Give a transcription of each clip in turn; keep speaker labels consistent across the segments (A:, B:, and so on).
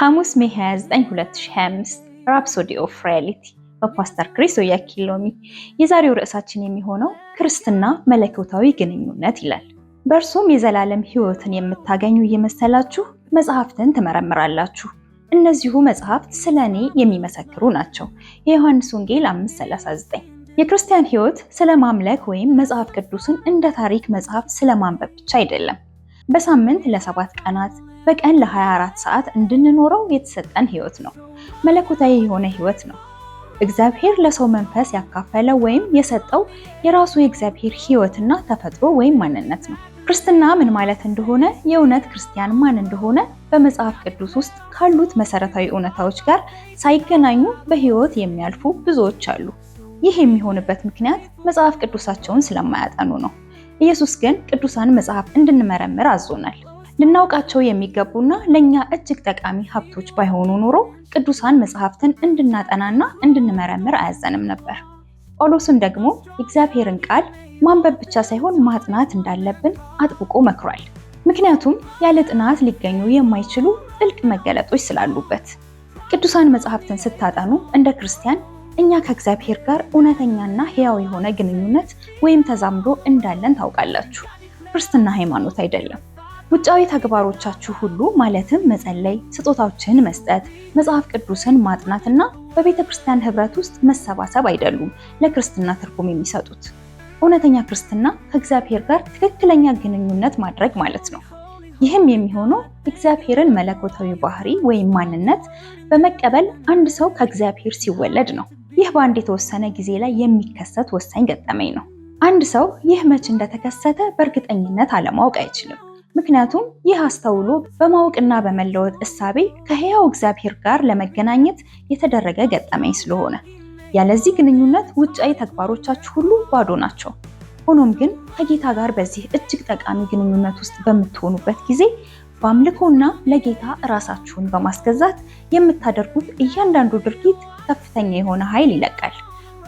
A: ሐሙስ ሜ 29 2025 ራፕሶዲ ኦፍ ሪያሊቲ በፓስተር ክሪስ ኦያኪሎሚ። የዛሬው ርዕሳችን የሚሆነው ክርስትና መለኮታዊ ግንኙነት ይላል። በእርሱም የዘላለም ሕይወትን የምታገኙ እየመሰላችሁ መጽሐፍትን ትመረምራላችሁ፣ እነዚሁ መጽሐፍት ስለ እኔ የሚመሰክሩ ናቸው። የዮሐንስ ወንጌል 5:39 የክርስቲያን ሕይወት ስለ ማምለክ ወይም መጽሐፍ ቅዱስን እንደ ታሪክ መጽሐፍ ስለ ማንበብ ብቻ አይደለም። በሳምንት ለሰባት ቀናት በቀን ለ24 ሰዓት እንድንኖረው የተሰጠን ህይወት ነው። መለኮታዊ የሆነ ህይወት ነው። እግዚአብሔር ለሰው መንፈስ ያካፈለ ወይም የሰጠው የራሱ የእግዚአብሔር ህይወትና ተፈጥሮ ወይም ማንነት ነው። ክርስትና ምን ማለት እንደሆነ፣ የእውነት ክርስቲያን ማን እንደሆነ በመጽሐፍ ቅዱስ ውስጥ ካሉት መሰረታዊ እውነታዎች ጋር ሳይገናኙ በህይወት የሚያልፉ ብዙዎች አሉ። ይህ የሚሆንበት ምክንያት መጽሐፍ ቅዱሳቸውን ስለማያጠኑ ነው። ኢየሱስ ግን ቅዱሳን መጽሐፍ እንድንመረምር አዞናል። ልናውቃቸው የሚገቡና ለእኛ እጅግ ጠቃሚ ሀብቶች ባይሆኑ ኖሮ ቅዱሳን መጽሐፍትን እንድናጠናና እንድንመረምር አያዘንም ነበር። ጳውሎስም ደግሞ የእግዚአብሔርን ቃል ማንበብ ብቻ ሳይሆን ማጥናት እንዳለብን አጥብቆ መክሯል። ምክንያቱም ያለ ጥናት ሊገኙ የማይችሉ ጥልቅ መገለጦች ስላሉበት። ቅዱሳን መጽሐፍትን ስታጠኑ እንደ ክርስቲያን እኛ ከእግዚአብሔር ጋር እውነተኛና ሕያው የሆነ ግንኙነት ወይም ተዛምዶ እንዳለን ታውቃላችሁ። ክርስትና ሃይማኖት አይደለም ውጫዊ ተግባሮቻችሁ ሁሉ ማለትም መጸለይ፣ ስጦታዎችን መስጠት፣ መጽሐፍ ቅዱስን ማጥናትና በቤተ ክርስቲያን ህብረት ውስጥ መሰባሰብ አይደሉም ለክርስትና ትርጉም የሚሰጡት። እውነተኛ ክርስትና ከእግዚአብሔር ጋር ትክክለኛ ግንኙነት ማድረግ ማለት ነው። ይህም የሚሆነው እግዚአብሔርን መለኮታዊ ባህሪ ወይም ማንነት በመቀበል አንድ ሰው ከእግዚአብሔር ሲወለድ ነው። ይህ በአንድ የተወሰነ ጊዜ ላይ የሚከሰት ወሳኝ ገጠመኝ ነው። አንድ ሰው ይህ መቼ እንደተከሰተ በእርግጠኝነት አለማወቅ አይችልም። ምክንያቱም ይህ አስተውሎ በማወቅና በመለወጥ እሳቤ ከሕያው እግዚአብሔር ጋር ለመገናኘት የተደረገ ገጠመኝ ስለሆነ፣ ያለዚህ ግንኙነት ውጫዊ ተግባሮቻችሁ ሁሉ ባዶ ናቸው። ሆኖም ግን ከጌታ ጋር በዚህ እጅግ ጠቃሚ ግንኙነት ውስጥ በምትሆኑበት ጊዜ በአምልኮና ለጌታ እራሳችሁን በማስገዛት የምታደርጉት እያንዳንዱ ድርጊት ከፍተኛ የሆነ ኃይል ይለቃል።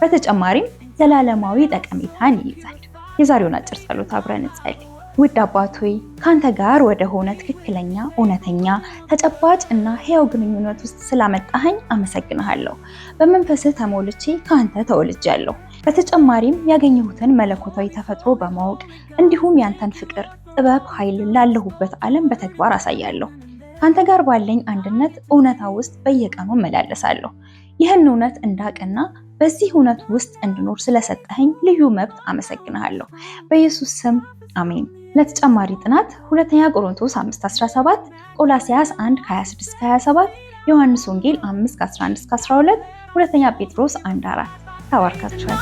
A: በተጨማሪም ዘላለማዊ ጠቀሜታን ይይዛል። የዛሬውን አጭር ጸሎት አብረን እንጸልይ። ውድ አባት ሆይ ካንተ ጋር ወደ ሆነ ትክክለኛ፣ እውነተኛ፣ ተጨባጭ እና ህያው ግንኙነት ውስጥ ስላመጣኸኝ አመሰግንሃለሁ። በመንፈስህ ተሞልቼ ካንተ ተወልጃለሁ። በተጨማሪም ያገኘሁትን መለኮታዊ ተፈጥሮ በማወቅ እንዲሁም ያንተን ፍቅር፣ ጥበብ፣ ኃይል ላለሁበት ዓለም በተግባር አሳያለሁ። ካንተ ጋር ባለኝ አንድነት እውነታ ውስጥ በየቀኑ እመላለሳለሁ። ይህን እውነት እንዳቅና በዚህ እውነት ውስጥ እንድኖር ስለሰጠኸኝ ልዩ መብት አመሰግንሃለሁ። በኢየሱስ ስም አሜን። ለተጨማሪ ጥናት ሁለተኛ ቆሮንቶስ 5:17፣ ቆላሲያስ 1:26-27፣ ዮሐንስ ወንጌል 5:11-12፣ ሁለተኛ ጴጥሮስ 1:4 ተባርካችኋል።